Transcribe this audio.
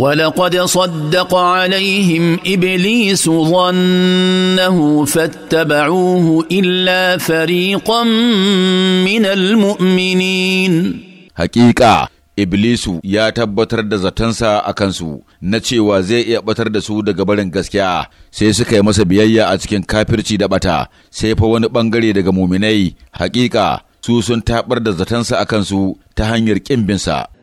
ولقد صدق عليهم ابليس ظنه فاتبعوه الا فريقا من المؤمنين حقيقه Iblisu ya tabbatar da zatonsa a kansu na cewa zai iya batar da su daga barin gaskiya sai suka yi masa biyayya a cikin kafirci da bata sai fa wani bangare daga muminai Haƙiƙa, su sun tabar da zatonsa a kansu ta hanyar ƙimbinsa.